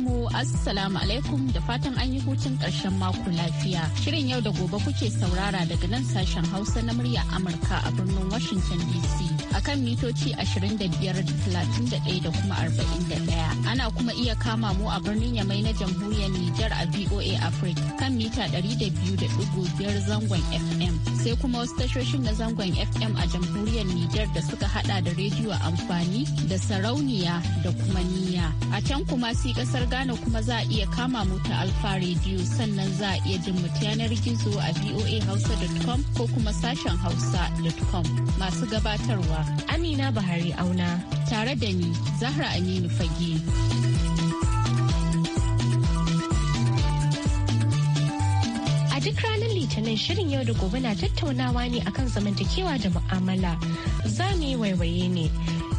mu assalamu alaikum da fatan an yi hutun ƙarshen mako lafiya. Shirin yau da gobe kuke saurara daga nan sashen Hausa na murya Amurka a birnin Washington DC. a kan mitoci 25,31 da kuma 41. Ana kuma iya kama mu a birnin Yamai na jamhuriyar Nijar a VOA Africa kan mita 200.5 zangon FM. Sai kuma wasu tashoshin na zangon FM a jamhuriyar Nijar da suka hada da rediyo amfani da sarauniya da kuma niya. A can kuma si kasar Ghana kuma za a iya kama mu ta Alfa Radio sannan za a iya jin mu yanar gizo a hausa.com ko kuma sashen hausa.com masu gabatarwa. Amina Bahari Auna tare da ni Zahra Aminu Fage. A duk ranar Litinin shirin yau da gobe na tattaunawa ne akan zamantakewa da mu'amala. Za mu yi waiwaye ne.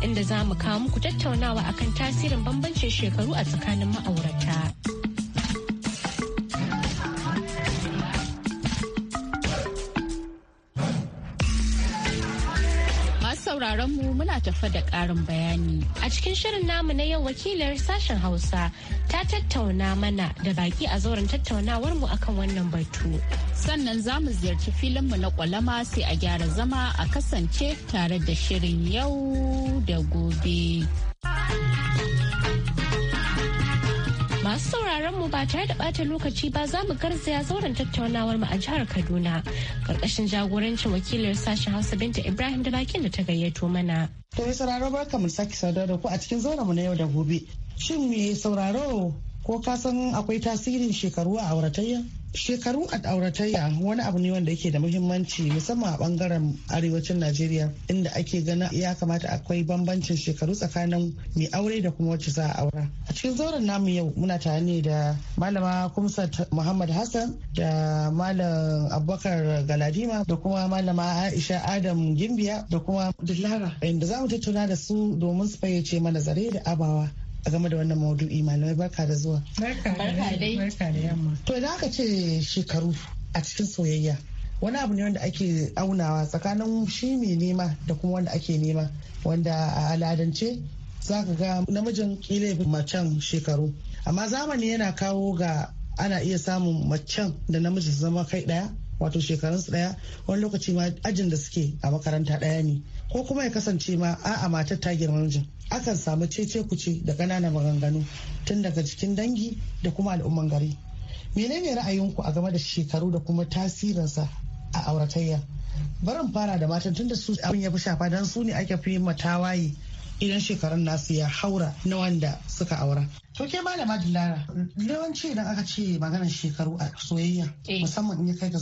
Inda za mu kawo muku tattaunawa akan tasirin bambancin shekaru a tsakanin ma'aurata. mu muna tafa da ƙarin bayani. A cikin shirin namu na yau wakilar sashen Hausa ta tattauna mana da baki a zauren tattaunawar mu akan wannan batu. Sannan za mu ziyarci filin mu na kwalama sai a gyara zama a kasance tare da shirin yau da gobe. Masu sauraron mu ba tare da bata lokaci ba za mu garzaya zauren tattaunawar mu a jihar Kaduna karkashin jagorancin wakilar sashen Hausa Binta Ibrahim da bakin da ta gayyato mana. To sauraro barka mu sake saduwa da ku a cikin zauren mu na yau da gobe. Shin me sauraro ko ka san akwai tasirin shekaru a auratayya shekaru a auratayya wani abu ne wanda yake da muhimmanci musamman a bangaren arewacin najeriya inda ake gana ya kamata akwai bambancin shekaru tsakanin mai aure da kuma wacce za a aura a cikin zauren namu yau muna tare ne da malama kumsat muhammad hassan da malam abubakar galadima da kuma malama aisha adam gimbiya da kuma dillara inda za mu tattauna da su domin su fayyace mana zare da abawa a game da wannan maudu'i malamai barka da zuwa. Barka da yamma. To idan aka ce shekaru a cikin soyayya wani abu ne wanda ake aunawa tsakanin shi mai nema da kuma wanda ake nema wanda a al'adance za ka ga namijin kila macen shekaru amma zamani yana kawo ga ana iya samun macen da namiji su zama kai daya wato shekarunsu daya wani lokaci ma ajin da suke a makaranta daya ne ko kuma ya kasance ma a'a matar ta girma mijin akan samu cece kuce da ƙananan maganganu tun daga cikin dangi da kuma al'umman gari menene ra'ayinku a game da shekaru da kuma tasirinsa a auratayya barin fara da matan tun da su abin ya fi shafa don su ne ake fi matawaye idan shekarun nasu ya haura na wanda suka aura To ke malama Dilara, yawanci idan aka ce maganar shekaru a soyayya eh. musamman in ya kai ga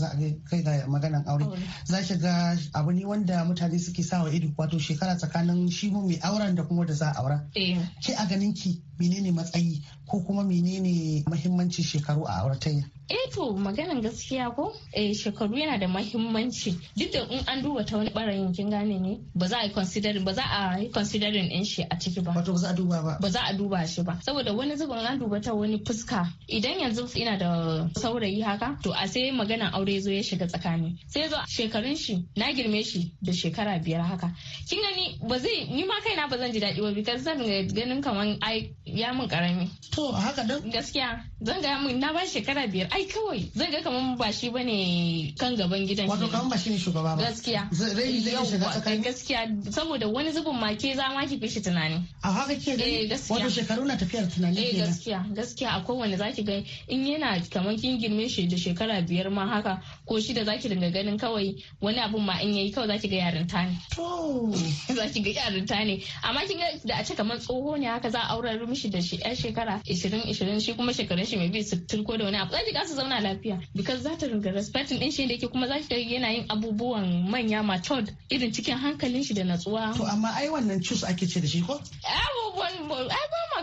kai ga maganar aure za ki ga abu ne wanda mutane suke sa wa ido wato shekara tsakanin shi mai auren da kuma da za a aura. Eh. Ke a ganin ki menene matsayi ko kuma menene mahimmancin shekaru a auratayya? eh to maganan gaskiya ko eh shekaru yana da mahimmanci duk da in an duba ta wani barayin kin gane ne ba za a yi considering ba za a yi considering din shi a ciki ba wato ba za a duba ba ba za a duba shi ba saboda wani zubin an duba ta wani fuska idan yanzu ina da saurayi haka to a sai magana aure zo ya shiga tsakani sai zo shekarun shi na girme shi da shekara biyar haka kin gani ba zai ni ma kaina ba zan ji daɗi ba because zan ganin kaman ai ya min karami to haka nan? gaskiya zan ga mun na ba shekara biyar ai kawai zan ga kaman ba shi bane kan gaban gidan wato kaman ba shi ne shugaba ba gaskiya rai zai shiga tsakanin gaskiya saboda wani zubin ma ke za ma ki fi shi tunani a haka ke eh gaskiya wato shekaru na tafiyar tunani eh gaskiya gaskiya a kowane zaki ga in yana kaman kin girme shi da shekara biyar ma haka ko shi da zaki dinga ganin kawai wani abun ma in yayi kawai zaki ga yarinta ne to zaki ga yarinta ne amma kin ga da a ce kaman tsoho ne haka za a aurar mishi da shi 'yan shekara ishirin ishirin shi kuma shekarun shi mai bi su ko da wani abu ga su zauna lafiya because za ta ringa respecting din shi da yake kuma za ki yana yin abubuwan manya matured irin cikin hankalin shi da natsuwa to amma ai wannan cus ake ce da shi ko abubuwan ba.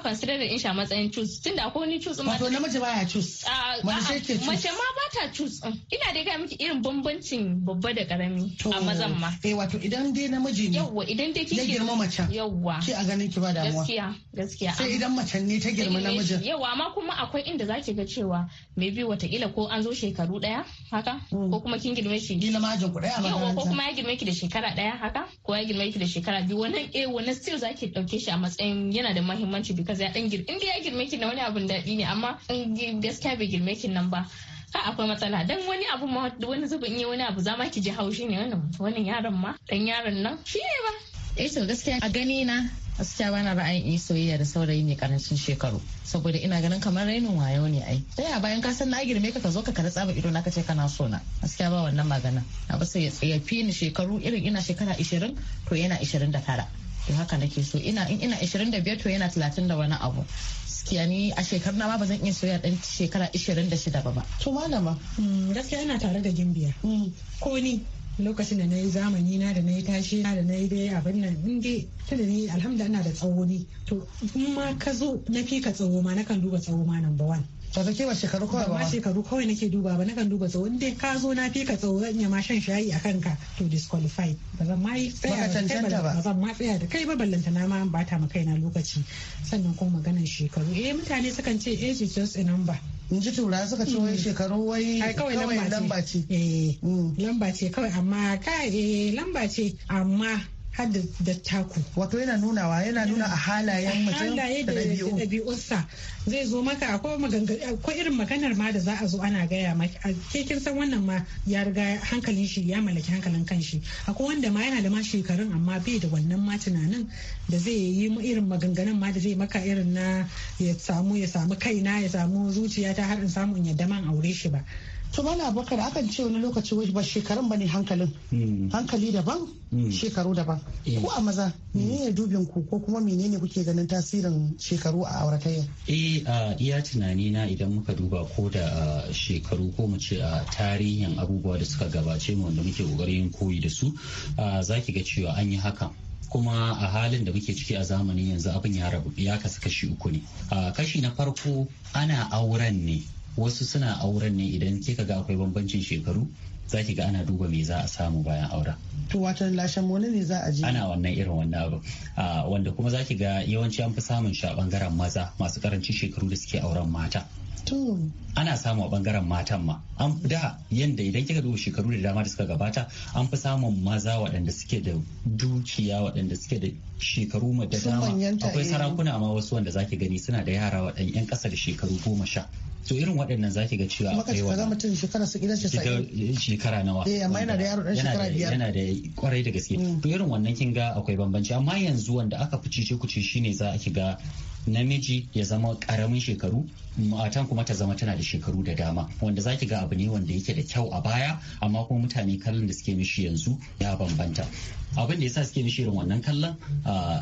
consider in shi a matsayin choose tunda akwai wani choose ma. Wato namiji baya choose. Ah, ah, mace ke choose. Mace ma ba ta choose mm. Ina dai ga miki irin bambancin babba da karami a mazan ma. Eh wato idan dai namiji ne. Yawwa idan dai kike. Ya girma macen. Yawwa. Ki a ganin ki ba damuwa. Gaskiya gaskiya. Sai idan macen ne ta girma eh, namijin. Yawwa amma kuma akwai inda zaki ga cewa maybe watakila ko an zo shekaru daya haka hmm. ko kuma kin girme shi. Ni ma ajin ku daya a yawwa ko kuma ya girme ki da shekara daya haka ko ya girme ki da shekara biyu wannan eh wannan still zaki dauke shi a matsayin yana da mahimmanci kaza ya dan in ya girme ki na wani abun daɗi ne amma in gaskiya bai girme ki nan ba ka akwai matsala dan wani abu ma wani zubin yi wani abu za ma ki ji haushi ne wannan wannan yaron ma dan yaron nan shi ne ba eh to gaskiya a gani na gaskiya bana ra'ayin yi soyayya da saurayi mai karancin shekaru saboda ina ganin kamar rainin wayo ne ai ta ya bayan ka san na girme ka ka zo ka kada tsaba ido na ka ce kana so na gaskiya ba wannan magana na ba sai ya tsayafi ni shekaru irin ina shekara ishirin to yana ishirin da 29 to haka nake so ina in ina 25 to yana 30 da wani abu gaskiya ni a shekaru na ma ba zan iya soya dan shekara 26 ba ba to malama hmm, gaskiya ina tare da gimbiya hmm. ko ni lokacin da na yi zamani na da na yi tashi na da na yi dai abin nan in ta da ni alhamdulillah ina da tsawo ni to in ma ka zo na fi ka tsawo ma na kan duba tsawo ma number one Tata ke ba shekaru kawai ba Ba shekaru kawai nake duba ba nakan duba tsawon dai ka zo na fi ka tsawo zan iya ma shan shayi a kanka to disqualified ba zan ma tsaya da kai ba zan ma tsaya da kai ba ballanta na ma ba ta kaina lokaci sannan kuma maganar shekaru eh mutane sukan ce age is just a number in ji tura suka ce wai hmm. shekaru wai kawai lamba ce eh hmm. lamba ce kawai amma kai eh lamba ce amma har da taku wato yana nunawa yana nuna a halayen mutum da ɗabi'unsa zai zo maka akwai irin maganar ma da za a zo ana gaya maka ke kin san wannan ma ya riga hankalin shi ya mallaki hankalin kanshi akwai wanda ma yana da ma shekarun amma bai da wannan ma tunanin da zai yi irin maganganun ma da zai maka irin na ya samu ya samu kaina ya samu zuciya ta har in samu in yadda man aure shi ba to mana bakar akan ce wani lokaci ba shekarun ne hankalin hmm. hankali daban hmm. shekaru daban eh. ko a maza ne hmm. dubin ku ko kuma menene kuke ganin tasirin shekaru a auratayya eh a iya tunani na idan muka duba ko da shekaru ko mu ce a tarihin abubuwa da suka gabace mu wanda muke kokarin koyi da su zaki ga cewa an yi hakan kuma a halin da muke ciki a zamanin yanzu abin ya rabu ya kasu kashi uku ne kashi na farko ana auren ne wasu suna auren ne idan kika ga akwai bambancin shekaru za ki ga ana duba me za a samu bayan auren. To wato lashen wani ne za a je? Ana wannan irin wannan abu. Wanda kuma za ki ga yawanci an fi samun shi a bangaren maza masu karancin shekaru da suke auren mata. ana samu a bangaren matan ma an fi da yadda idan kika duba shekaru da dama da suka gabata an fi samun maza waɗanda suke da dukiya waɗanda suke da shekaru da dama akwai eh. sarakuna ma wasu wanda zaki gani suna da yara waɗanda yan ƙasa da shekaru goma sha so irin waɗannan zaki ga cewa maka ce kaga mutum shekara su gidan shekara nawa eh amma yana da yaro dan shekara biyar yana da kwarai da gaske mm. to irin wannan kin ga akwai bambanci amma yanzu wanda aka fi cice kuce shine za a ki ga namiji ya zama karamin shekaru matan kuma ta zama tana da shekaru da dama wanda zaki ga abu ne wanda yake da kyau a baya amma kuma mutane kallon da suke mishi yanzu ya bambanta abin da yasa suke mishi irin wannan kallon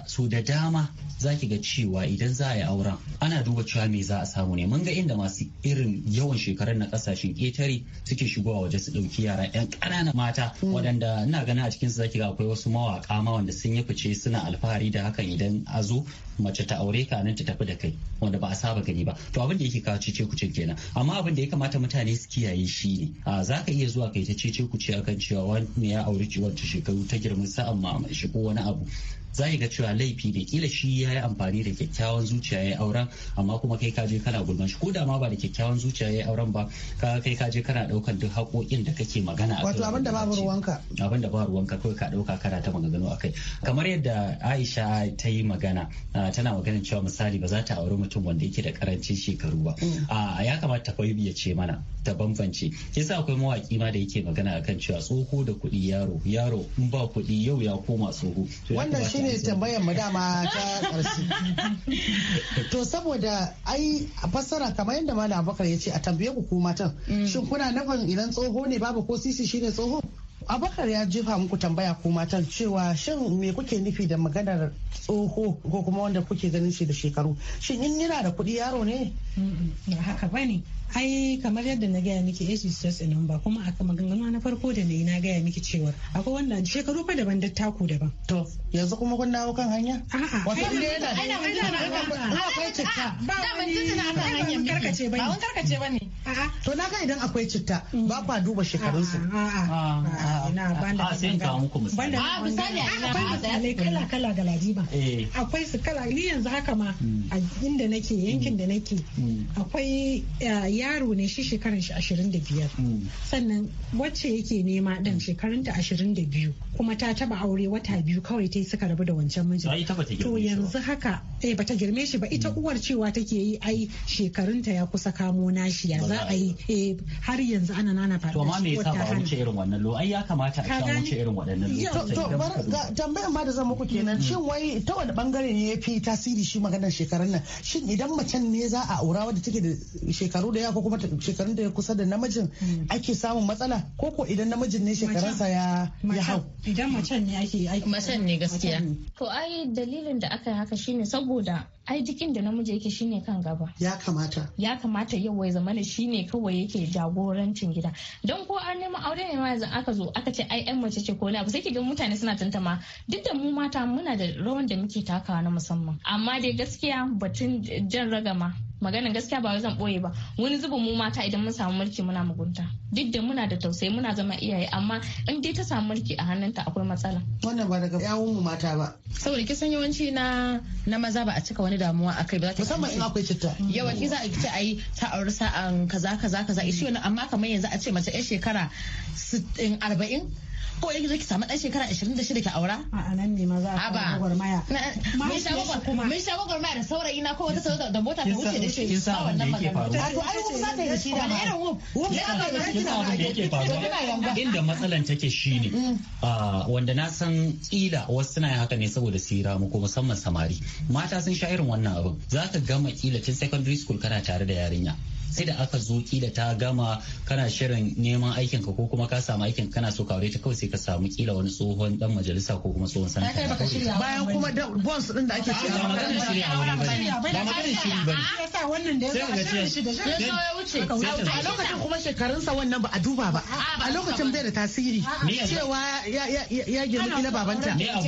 su da dama zaki ga cewa idan za a yi auren ana duba cewa me za a samu ne mun ga inda masu irin yawan shekarun na kasashen ƙetare suke shigowa waje su ɗauki yara 'yan ƙananan mata mm. waɗanda ina gani a cikinsu zaki ga akwai wasu mawaƙa ma wanda sun yi fice suna alfahari da hakan idan a zo mace ta aure ka nan ta tafi da kai wanda ba a saba gani ba to abin da yake kawo cece kuce kenan amma abin da ya kamata mutane su kiyaye shi ne a za ka iya zuwa kai ta cece kuce akan cewa wani ya auri ciwon ta shekaru ta girman sa amma shi ko wani abu za ga cewa laifi ne kila shi ya yi amfani da kyakkyawan zuciya ya auren amma kuma kai ka je kana gulman shi ko da ma ba da kyakkyawan zuciya ya auren ba ka kai ka kana daukan duk haƙoƙin da kake magana a wato abin da ruwanka abin ba ruwanka kawai ka dauka kana ta maganganu akai kamar yadda Aisha ta yi magana tana maganin cewa misali ba za ta auri mutum wanda yake da karancin shekaru ba mm. a ya kamata ta ya ce mana ta bambance sa akwai mawaki ma da yake magana akan cewa tsoho da kuɗi yaro yaro in ba kuɗi yau ya koma tsoho wanda shi shine tambayar mu dama ta karshe To saboda ai a fassara kamar yadda Malam bakar ya ce a tambaye ku ku matan. Mm. Shin kuna nufin idan tsoho ne babu ko sisi shine tsoho? abakar ya jefa muku tambaya ko matan cewa shin me kuke nufi da maganar tsoho ko kuma wanda kuke ganin shi da shekaru shin in yana da kuɗi yaro ne ba haka bane ai kamar yadda na gaya miki age is just a number kuma aka maganganu na farko da na yi na gaya miki cewa akwai wannan shekaru fa daban dattaku daban to yanzu kuma kun dawo kan hanya a'a wato inda yana da yana akwai citta ba wani kan hanya karkace bane ba wani karkace bane a'a to na ga idan akwai citta ba kwa duba shekarun su a'a ah, ah. ina ah, ba da ah, sai misali ah, a misali akwai misalai kala kala ga ladima eh. akwai su kala ni yanzu haka ma hmm. a inda nake yankin da nake hmm. akwai eh, yaro ne shi shekaran shi 25 hmm. sannan wacce yake nema dan shekarun ta 22 kuma ta taba aure wata biyu kawai ta suka rabu da wancan mijin to yanzu haka eh bata girme shi ba ita uwar cewa take yi ai shekarun ta ya kusa kamo nashi ya za a eh, har yanzu ana nana faɗa to ma me yasa ba wuce irin wannan lo ai ya kamata a samu ce irin waɗannan lokacin. Tambayar ma da zan muku kenan mm. shin wai ta wani bangare ne ya fi tasiri shi maganar shekarun nan shin idan macen ne za a aura wadda take da shekaru da ya? ko kuma shekarun da ya kusa da namijin mm. ake samun matsala ko ko idan namijin ne shekarunsa ya hau. Idan macen ne ake aiki. Macen ne gaskiya. To ai dalilin da aka yi haka shine saboda ai duk da namiji yake shine kan gaba ya kamata ya kamata yau wai zama shine kawai yake jagorancin gida don ko an nemi aure ne ma yanzu aka zo aka ce ai yan mace ce ko na abu sai ki ga mutane suna tantama duk da mu mata muna da rawan da muke takawa na musamman amma dai gaskiya batun jan ragama maganin gaskiya ba zan boye ba wani zubin mu mata idan mun samu mulki muna mugunta duk da muna da tausayi muna zama iyaye amma in dai ta samu mulki a hannunta akwai matsala wannan ba daga yawun mu mata ba saboda kisan yawanci na na maza ba a cika wani damuwa akai ba za ta musamman in akwai citta yawanci za a ce ayi ta auri sa'an kaza kaza kaza ishi wannan amma kamar yanzu a ce mace yar shekara 40 ko yake zo samu dan shekara 26 ki aura a nan ne maza a ba gwagwarmaya mun sha gwagwarmaya mun sha gwagwarmaya da saurayi na ko wata sauda da mota ta wuce da shi kin sa wannan magana to ai wuf za ta shi da ma irin wuf ne ya ga da shi da yake faruwa inda matsalan take shine mm. wanda na san kila wasu suna haka ne saboda sira mu ko musamman samari mata sun sha irin wannan abin za ka gama kila tun secondary school kana tare da yarinya sai da aka zo kila ta gama kana shirin neman aikinka ko kuma ka samu aikin kana so ka aure ta kawai sai ka samu kila wani tsohon dan majalisa ko kuma tsohon sanata bayan kuma da bonds din da ake cewa. a maganar shirya wani bane ba maganar shiri bane yasa wannan da ya ga shi da shi ya wuce a lokacin kuma shekarun sa wannan ba a duba ba a lokacin bai da tasiri cewa ya girma kila babanta A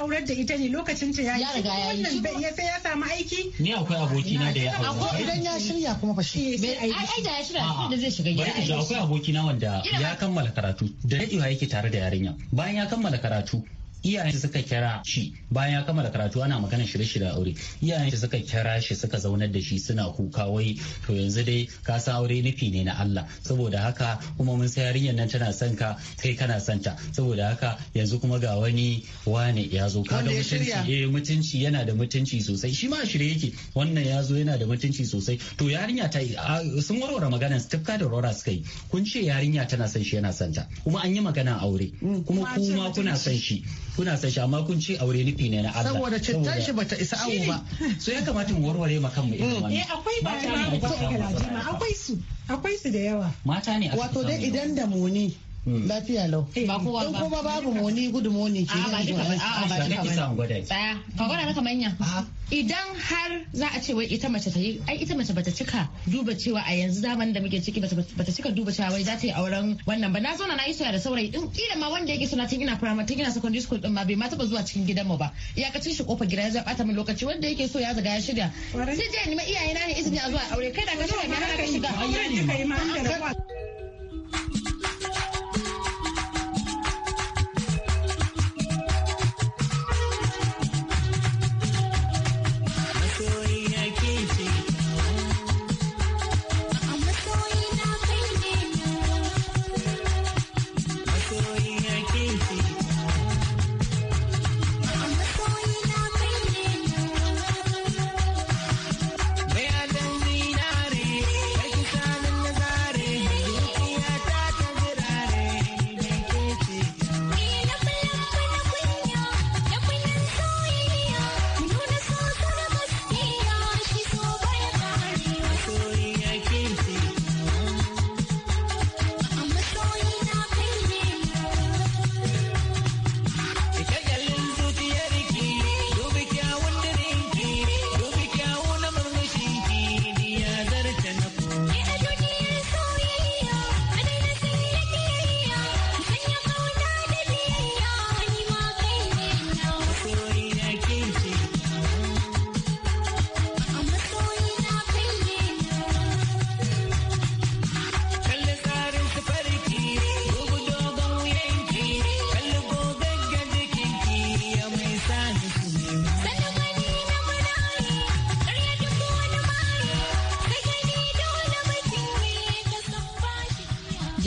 aurar da ita ne lokacin ta ya riga yi wannan ya sai ya samu aiki ni akwai aboki na da ya aure ko idan ya shirya kuma ba shi eh, ai da ya shirya da zai shiga gida akwai aboki na wanda ya kammala karatu da dadewa yake tare tare da yarinya bayan ya kammala karatu iyayen suka kira shi bayan ya kammala karatu ana magana shirye-shirye aure iyayen shi suka kira shi suka zaunar da shi suna kuka wai to yanzu dai ka san aure nufi ne na Allah saboda haka kuma mun san yarinyar nan tana son ka kai kana son ta saboda haka yanzu kuma ga wani wane ya zo ka da mutunci eh mutunci yana da mutunci sosai shi ma shirye yake wannan ya zo yana da mutunci sosai to yarinya ta sun warware maganar tafka da rora suka yi kun ce yarinya tana son shi yana son ta kuma an yi magana aure mm, kuma kuma kuna son shi kuna san shi amma kun ce aure nufi ne na Allah saboda cittan shi bata isa awo ba so ya kamata mu warware ma kanmu irin mm. wannan eh akwai ba akwai su akwai su da yawa mata ne wato dai idan da muni. Hmm. lafiya lau eh, ba ba kuma babu moni gudu moni ke ba duka ba ka gwada maka manya idan har za a ce wai ita mace ta yi ai ita mace bata cika duba cewa a yanzu zaman da muke ciki bata cika duba cewa wai za ta yi auren wannan ba na zauna na yi soyayya da saurayi din kila ma wanda yake suna tun ina primary tun ina secondary school din ma bai ma taba zuwa cikin gidan mu ba iyakacin shi kofa gida ya zaba ta min lokaci wanda yake so ya zaga ya shirya sai je ni ma iyayena ne izini a zuwa aure kai da ka shirya ka shiga aure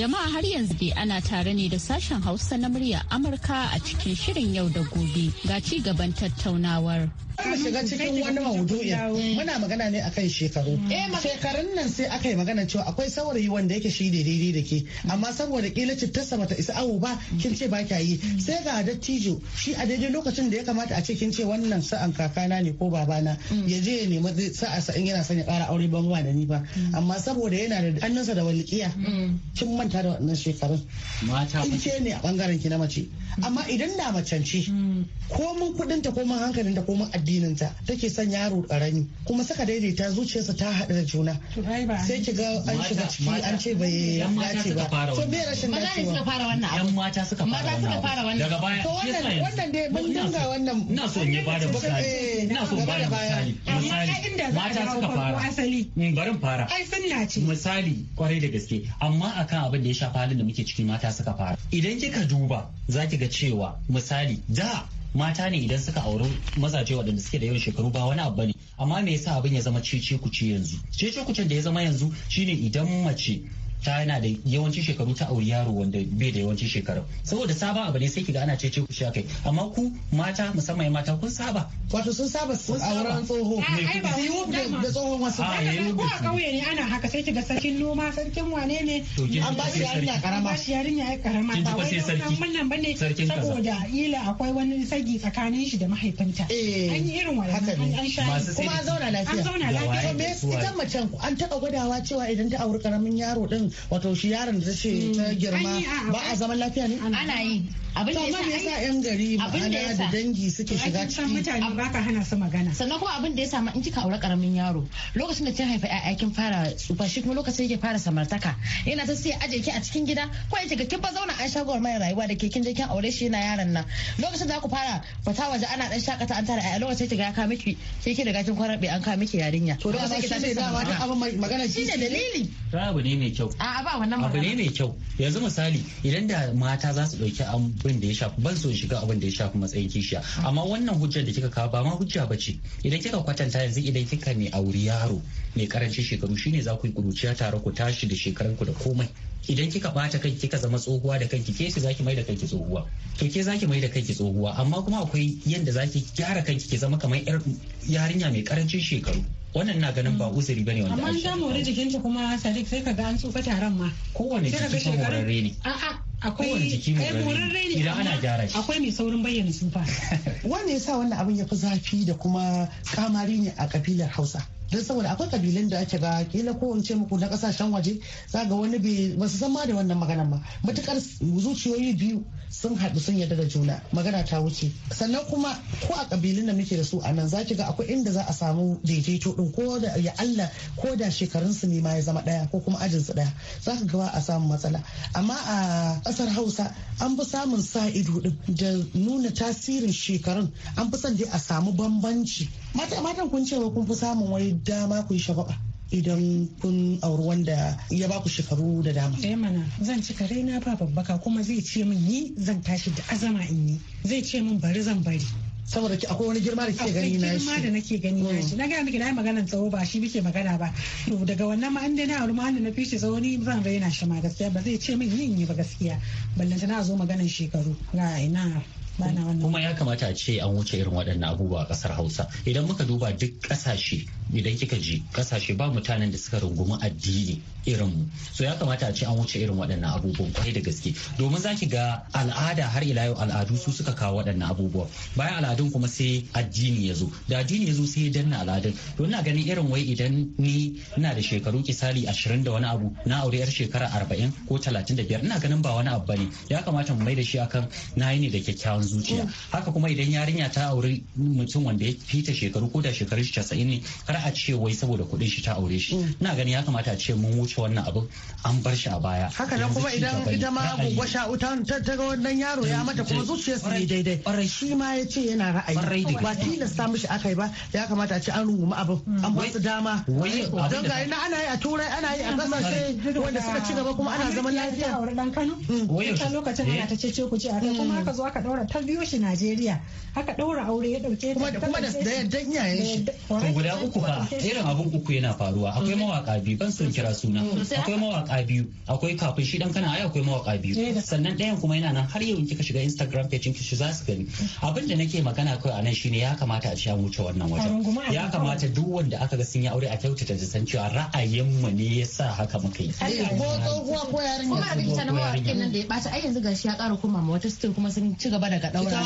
Jama'a har yanzu dai ana tare ne da sashen Hausa na murya Amurka a cikin shirin yau da gobe ga ci gaban tattaunawar. shiga cikin wani maudu'i muna magana ne akan shekaru eh, shekarun nan sai aka yi magana cewa akwai saurayi wanda yake shi daidai da ke amma saboda kila cittarsa bata isa awo ba kin ce ba kya yi sai ga dattijo shi a daidai lokacin da ya kamata a ce kin ce wannan sa'an kakana ne ko babana mm. ya je ya nemi sa'a sa'in yana son ya kara aure ban ba da ni ba mm. amma saboda yana da hannunsa da walƙiya mm. kin manta da wannan shekarun kin ce ne a bangaren ki na mace amma idan na macen ce ko mun kudin ta ko mun hankalin ta ko mun addini addininta take son yaro karami kuma suka daidaita zuciyarsa ta haɗu da juna sai ki ga an shiga ciki an ce bai dace ba to me rashin dacewa suka fara wannan abu mata suka fara wannan daga baya to wannan wannan dai mun dinga wannan ina so ne da misali eh, ina so bada misali misali mata suka fara asali mun mm, barin fara ai sunna ce misali kwarai da gaske amma akan abin da ya shafa halin da muke ciki mata suka fara idan kika duba zaki ga cewa misali da mata ne idan suka auri mazaje waɗanda suke da yawan shekaru ba wani abu ne amma me yasa abin ya zama cece kuce yanzu cece kucen da ya zama yanzu shine idan mace ta yana da yawancin shekaru ta auri yaro wanda bai da yawancin shekaru saboda sabon abu ne sai kiga ana cece ku shi kai amma ku mata musamman mata kun saba wato sun saba sun auren tsoho ne da tsohon wasu ko a kauye ne ana haka sai kiga sarkin noma sarkin wane ne an ba shi yarinya karama ba shi yarinya ai karama ba wai wannan bane saboda ila akwai wani sagi tsakanin shi da mahaifinta eh, an yi irin wannan an sha kuma an zauna lafiya an zauna lafiya ita macen an taba gwadawa cewa idan ta auri karamin yaro din wato shi yaron da ce ta hmm. girma ba a zaman lafiya ne ana yi abin da yasa yan gari ma'ana da dangi suke shiga ciki mutane ba ka hana su magana sannan kuma abin da ya samu in kika aure karamin yaro lokacin da kin haifa ƴaƴa kin fara tsufa shi kuma lokacin yake fara samartaka yana ta sai aje ki a cikin gida ko ya ga kibba ba zauna an shagowar mai rayuwa da ke kin je kin aure shi yana yaron nan lokacin da ku fara fata waje ana dan shakata an tara ƴaƴa lokacin da ya ka miki ke ki riga kin kwarabe an ka miki yarinya to lokacin ki ta sai da abin magana shi ne dalili rabu ne mai kyau A'a ba wannan Abu ne mai kyau. Yanzu misali idan da mata za su ɗauki abin da ya shafi ban so shiga abin da ya shafi matsayin kishiya. Amma wannan hujjar da kika kawo ba ma hujja ba ce. Idan kika kwatanta yanzu idan kika ne auri yaro mai karancin shekaru shine za ku yi kuruciya tare ku tashi da shekarunku da komai. idan kika bata kanki kika zama tsohuwa da kanki ke shi zaki mai da kanki tsohuwa to ke zaki mai da kanki tsohuwa amma kuma akwai yadda zaki gyara kanki ki zama kamar yar yarinya mai karancin shekaru wannan na ganin ba uzuri bane wanda amma an ta mori jikinta kuma sadiq sai kaga an tsufa taron ma kowane jiki fa morarre ne a akwai jiki murarre eh, ne idan ana gyara shi akwai mai saurin bayyana tsufa wanne yasa wannan abin ya fi zafi da kuma kamari ne a kabilar Hausa don saboda akwai kabilun da ake ba kila ko in ce muku na kasashen waje za ga wani bai masu zama da wannan magana ma matukar zuciyoyi biyu sun haɗu sun yarda da juna magana ta wuce sannan kuma ko a kabilun da muke da su a nan za ga akwai inda za a samu daidaito din ko da ya Allah ko da shekarun su ne ma ya zama ɗaya ko kuma ajin su daya za ka ga ba a samu matsala amma a kasar Hausa an fi samun sa ido din da nuna tasirin shekarun an fi son dai a samu bambanci mata matan kun cewa kun fi samun wai dama ku yi idan kun auri wanda ya baku shekaru da dama. Eh mana zan ci kare na ba babbaka kuma zai ce min yi zan tashi da azama in yi zai ce min bari zan bari. saboda ki akwai wani girma da ke gani na shi girma da nake gani na shi mm. na gaya miki na magana tsawo ba shi muke magana ba to daga wannan ma inda na auri ma na fishi tsawo ni zan raina shi ma gaskiya ba zai ce min yin yi ba gaskiya ballanta na zo maganan shekaru ga ina kuma ya kamata a ce an wuce irin waɗannan abubuwa a ƙasar hausa idan muka duba duk ƙasashe idan kika ji kasashe ba mutanen da suka rungumi addini irin mu so ya kamata a ce an wuce irin waɗannan abubuwan kwai da gaske domin za ki ga al'ada har ila yau al'adu su suka kawo waɗannan abubuwan bayan al'adun kuma sai addini ya zo da addini ya zo sai ya danna al'adun to na ganin irin wai idan ni ina da shekaru kisali ashirin da wani abu na aure yar shekara arba'in ko talatin da biyar ina ganin ba wani abu bane ya kamata mu mai da shi akan na yi ne da kyakkyawan zuciya mm. haka kuma idan yarinya ta auri mutum wanda ya fita shekaru ko da shekaru casa'in ne kar a ce wai saboda kuɗin shi ta aure shi mm. ina gani ya kamata a ce mun wuce wannan abu an bar shi a baya haka nan kuma idan ita ma gogo uta ta ga wannan yaro ya mata kuma zuciyarsa ne daidai shi ma ya ce yana ra'ayi ba tilasta mishi aka yi ba ya kamata a ce an rungumi abin mm. an ba su dama don ga ina ana yi a turai ana yi a kasashe wanda suka ci gaba kuma ana zaman lafiya a wurin Kano mm. ta lokacin ana ta cece ku ce a kuma aka zo aka daura ta biyo shi Najeriya aka daura aure ya dauke ta kuma da yadda iyayen shi guda uku fa irin abun uku yana faruwa akwai mawaka biyu ban son kira suna mm. akwai mawaka biyu akwai kafin shi dan kana ai akwai mawaka biyu eh, sannan ɗayan kuma yana nan har yau in kika shiga Instagram page ki shi zasu gani abin da nake magana kai a nan shine ya kamata a ci wuce wannan wajen ya kamata duk wanda aka ga sun yi aure a kyautata da san cewa ra'ayin mu ne yasa haka muka yi ko kuma ya wata kuma sun ci gaba daga daura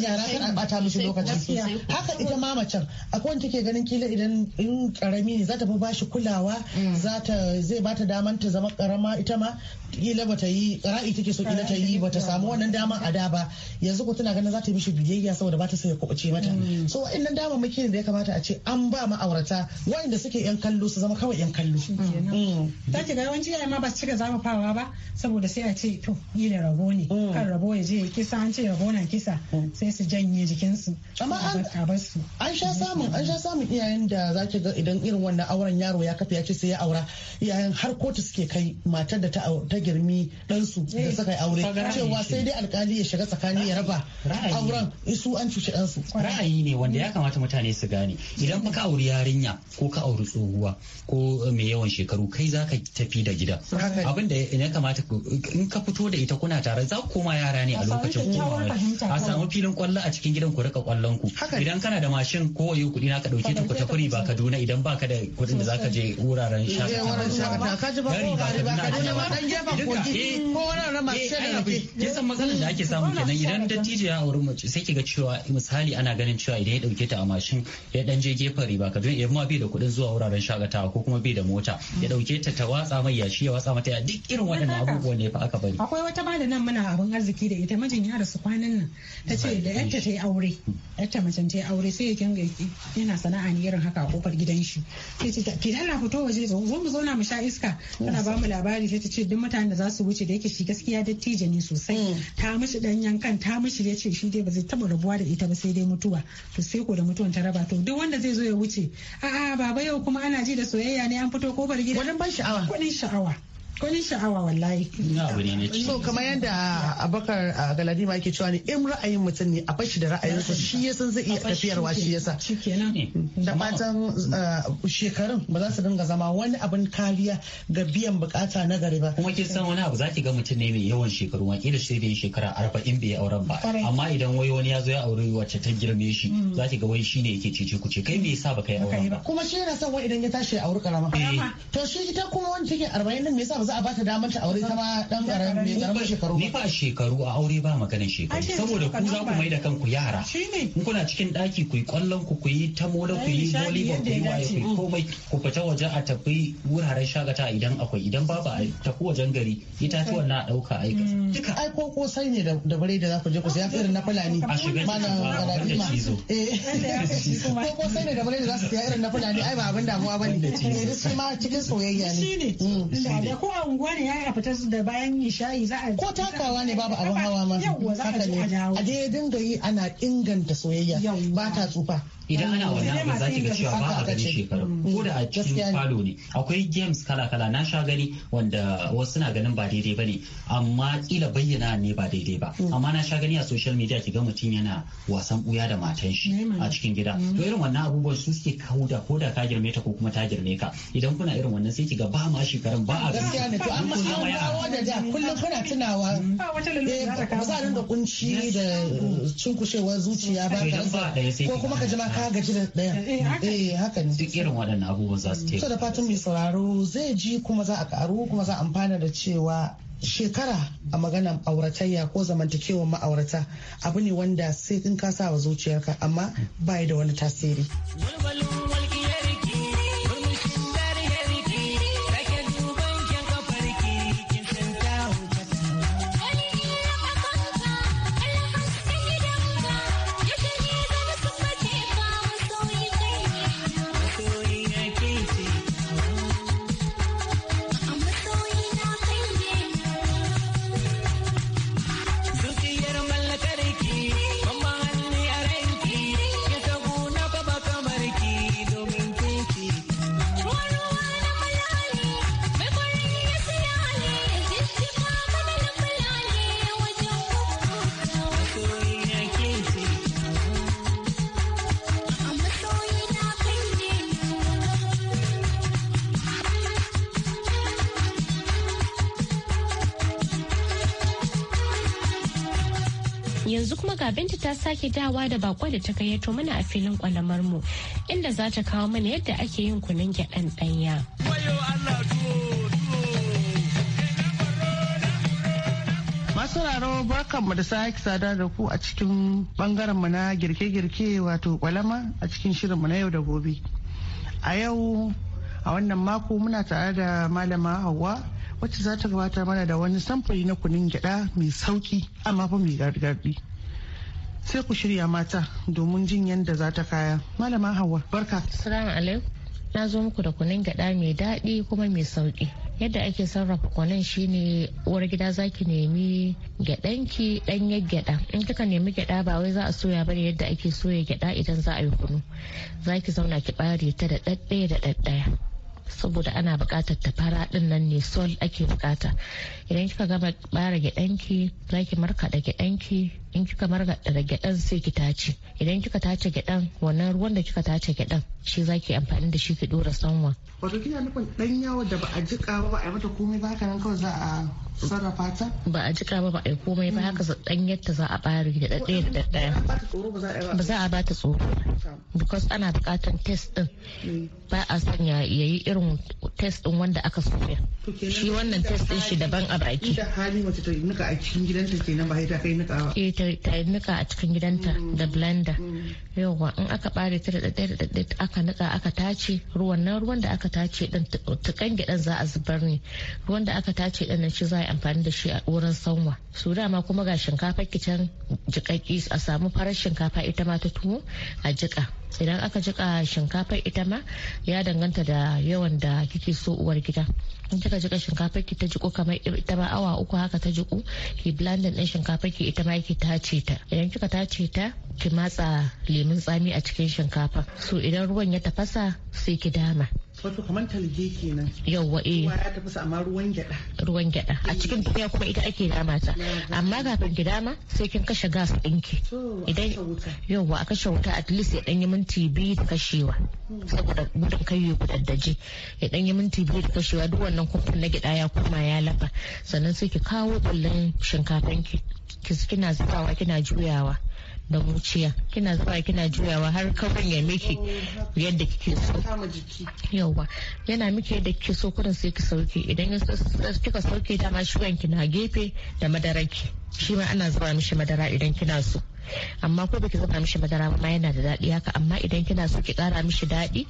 ya samu a bata mishi lokaci haka ita ma macen akwai wanda take ganin kila idan in karami ne zata ta fi bashi kulawa mm. za zai bata daman ta zama karama ita ma kila bata yi ra'ayi take so kila ta yi bata samu wannan daman a da ba yanzu ko tana ganin za ta mishi biyayya saboda ba ta so ya kubuce mata mm. so wa'annan damammaki muke da ya kamata a ce an ba ma'aurata wa'anda suke yan kallo su zama kawai yan kallo mm. ta ga yawanci yaya ma ba su cika fawa ba saboda sai a ce to yi da rabo ne kan rabo ya je kisa an ce rabo na kisa sai su janye jikinsu amma an sha samun an sha samun iyayen da zaki ga idan irin wannan auren yaro ya kafa ya ce sai ya aura iyayen har kotu suke kai matar da ta girmi su da eh, suka yi aure cewa sai dai alkali ya shiga tsakani ya raba auren su an cuci su ra'ayi ne wanda ya kamata mutane su gane idan ka auri yarinya ko ka auri tsohuwa ko mai yawan shekaru kai za ka tafi da gida abin da ya kamata in ka fito da ita kuna tare za ku koma yara ne a lokacin komawa a samu filin kwallo a cikin cikin gidan ku rika kwallon ku idan kana da mashin ko wayo kuɗi na ka dauke ta ku kuri ba Kaduna idan baka da kudin da zaka je wuraren shakatawa ka ji ba ko ba Kaduna ba dan gefen kogi eh. ko wuraren masu shaida ke san matsalar da ake samu kenan idan dattijo ya auri mace sai kiga cewa misali ana ganin cewa idan ya dauke ta a mashin ya dan je gefen riba Kaduna idan ma bai da kuɗin zuwa wuraren shakatawa ko kuma bai da mota ya dauke ta ta watsa mai shi ya watsa mata ya duk irin waɗannan abubuwan ne fa aka bari akwai wata ba da nan muna abin arziki da ita mijin ya rasu kwanan nan ta ce da yanta ta yi aure yadda macen ta yi aure sai ya kinga yana sana'a ne irin haka a kofar gidan shi sai ta ki dalla fito waje zo zo mu zauna mu sha iska tana ba mu labari sai ta ce duk mutanen da za su wuce da yake shi gaskiya dattijo ne sosai mm. ta mishi dan yankan ta mishi ya ce shi dai ba zai taba rabuwa da ita ba sai dai mutuwa to sai ko da mutuwan ta raba to duk wanda zai zo ya wuce a'a baba yau kuma ana ji da soyayya ne an fito kofar gidan wani ban sha'awa gwanin sha'awa wallahi so kamar yadda abakar uh, galadima yake cewa ne in ra'ayin mutum ne a fashi da ra'ayinsa shi ya san zai iya tafiyarwa shi yasa eh, mm. da fatan uh, shekarun ba za su dinga zama wani abin kariya ga biyan bukata na gari ba kuma kin san wani abu zaki ga mutum ne mai yawan shekaru ma kila shi da shekara arba'in bai auren ba amma idan wai wani ya zo ya aure wacce ta girme shi mm. zaki ga wai shine yake cece ce, kai me yasa ba yi auren ba kuma shi yana son wai idan ya tashi ya auri karama eh. to shi ita kuma wani take arba'in din me yasa ba za a bata damar ta aure ta ma dan karamin karamin shekaru ni ba shekaru a aure ba maganar shekaru saboda ku za ku mai da kanku yara in kuna cikin daki ku yi kwallon ku ku yi ta mola ku yi volleyball ku yi waye ku yi komai ku fita waje a tafi wuraren shagata idan akwai idan babu a tafi wajen gari wannan a dauka aika mm. duka ai ko sai ne da bare da za ku je ku sai irin na fulani a shiga malam galadima eh ko sai ne da bare da za su sai irin na fulani ai ba abin damuwa bane da eh, shi ma cikin soyayya ne shine da mm. ko a unguwa ne ya fita da bayan shayi za a ko takawa ne babu abin hawa ma yawwa za a je a dawo a dinga yi ana inganta soyayya ba ta tsufa idan ana wannan abin za ki ga cewa ba a ganin shekaru mm. ko da a cikin falo ne akwai games kala kala na sha gani wanda wasu na ganin ba daidai ba ne amma kila bayyana ne ba daidai ba mm. amma na sha gani a social media ki ga mutum yana wasan buya da matan shi mm. a cikin gida to irin wannan abubuwan su suke kauda ko da ka girme ta ko kuma ta girme ka idan kuna irin wannan sai ki ga ba ma shekarun ba a gaskiya ne to amma an dawo da da kullum kuna tunawa ba eh, da kunci da cinkushewar zuciya ba ko kuma ka ji ma ka gaji da ɗayan eh, eh, eh haka ne duk irin waɗannan abubuwan za su taimaka so da fatan mai sauraro zai ji kuma za a karu kuma za a amfana da cewa shekara a maganan auratayya ko zamantakewar ma'aurata abu ne wanda sai in kasa wa zuciyarka amma bai da wani tasiri. Yanzu kuma ga Binta ta sake dawa da bako da ta gayyato mana a filin kwalamar mu inda za ta kawo mana yadda ake yin kunun gyaɗan ɗanya. sauraro barkanmu da sake sada da ku a cikin bangaren mu na girke-girke wato kwalama a cikin shirin mu na yau da gobe. A yau a wannan mako muna tare da malama hawa. wacce za ta gabata mana da wani samfuri na kunin gyada mai sauki amma fa mai gargadi sai ku shirya mata domin jin yadda za ta kaya malama hawa barka salamu alaikum na zo muku da kunin gyada mai daɗi kuma mai sauki yadda ake sarrafa kunin shine uwar gida ki nemi gyaɗanki ɗanyen gyaɗa in kika nemi gyaɗa ba wai za a soya bane yadda ake soya gyaɗa idan za a yi kunu za ki zauna ki ɓare ta da ɗaɗɗaya da ɗaɗɗaya saboda ana bukatar ta fara din nan ne sol ake bukata idan kika gama bara gyaɗanki zaki markaɗa gyaɗanki in kika da gyaɗan sai ki tace idan kika tace gyaɗan wannan ruwan da kika tace gyaɗan shi za ki amfani da shi ki ɗora sanwa. wato kina nufin ɗan yawo da ba a jiƙa ba a yi mata komai ba haka nan kawai za a sarrafa ta. ba a jiƙa ba ba a yi komai ba haka yadda za a ɓare da ɗaɗɗaya da ɗaɗɗaya. ba za a ba ta tsoro because ana buƙatar test ɗin mm. ba a sanya ya yi irin test ɗin wanda aka soya. shi wannan test ɗin shi daban a baki. ita hali mace ta nika a cikin gidanta kenan ba ta kai nika ba. Eh, ta nika a cikin gidanta mm. da blender mm. yawwa in aka bare ta da da aka nika aka tace ruwan nan ruwan da aka tace din tukan gidan za a zubar ne ruwan da aka tace ɗin nan shi za a yi amfani da shi a wurin sanwa su dama kuma ga shinkafa kicin jikakki a samu farar shinkafa ita ma ta tuwo a jika idan aka jika shinkafar ita ma ya danganta da yawan da kike so uwar gida in kika jika shinkafar ki ta jiko kamar ita ba awa uku haka ta jiko ki blandin din shinkafar ki ita ma ki tace ta idan kika tace ta ki matsa lemun tsami a cikin shinkafa so idan ruwan ya tafasa sai ki dama wato kamar talge kenan yawwa eh ruwa ya tafasa amma ruwan gyada ruwan gyada a cikin duniya kuma ita ake dama ta amma kafin ki dama sai kin kashe gas ɗinki idan yawwa a kashe wuta at least ya danyi minti biyu da kashewa hmm. saboda gudun kai ya gudaddaje ya danyi minti biyu da kashewa duk wannan kumfin na gyada ya koma ya lafa sannan sai ki kawo kullun shinkafanki kina zubawa kina juyawa da muciya kina zuwa kina juyawa har kawai ya miki yadda kike so yauwa yana miki yadda kike so kudin sai ki sauke idan kika sauke dama shugan ki na gefe da madaraki shi ma ana zuba mishi madara idan kina so amma ko baki zuba mishi madara ma yana da daɗi haka amma idan kina so ki kara mishi daɗi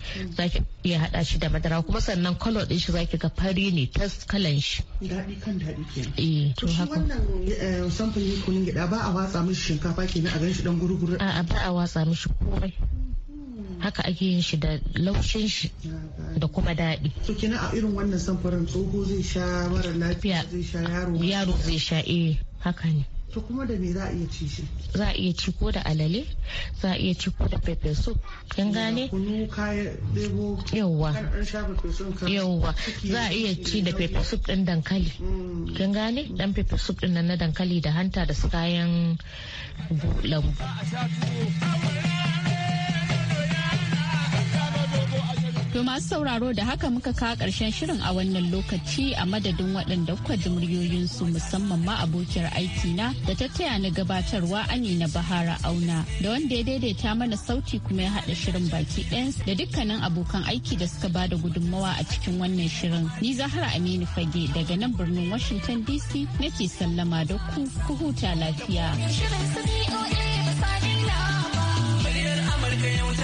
ki iya haɗa shi da madara kuma sannan kalo din shi zaki ga fari ne ta kalan shi daɗi kan daɗi kenan eh to haka wannan eh, samfuri kunun gida ba a watsa mishi shinkafa kenan a ganshi dan guruguru a'a ba a watsa mishi komai haka ake yin shi da laushin shi da kuma daɗi. to kina a irin wannan samfarin tsoho zai sha mara lafiya zai sha yaro yaro zai sha eh haka ne to kuma da me za a iya ci shi za a iya ci ko da alale za a iya ci ko da pepper soup kin gane kunu kaya debo yawwa yawwa za a iya ci da pepper soup din dankali mm. kin gane dan pepper soup din nan na dankali da hanta da su kayan lambu To masu sauraro da haka muka kawo ƙarshen shirin a wannan lokaci a madadin waɗanda kuka ji muryoyinsu musamman ma abokiyar aiki na da ta taya ni gabatarwa Amina Bahara Auna da wanda ya daidaita mana sauti kuma ya haɗa shirin baki ɗayansu da dukkanin abokan aiki da suka bada gudunmawa a cikin wannan shirin. Ni Zahra Aminu Fage daga nan birnin Washington DC nake sallama da ku ku huta lafiya. Amurka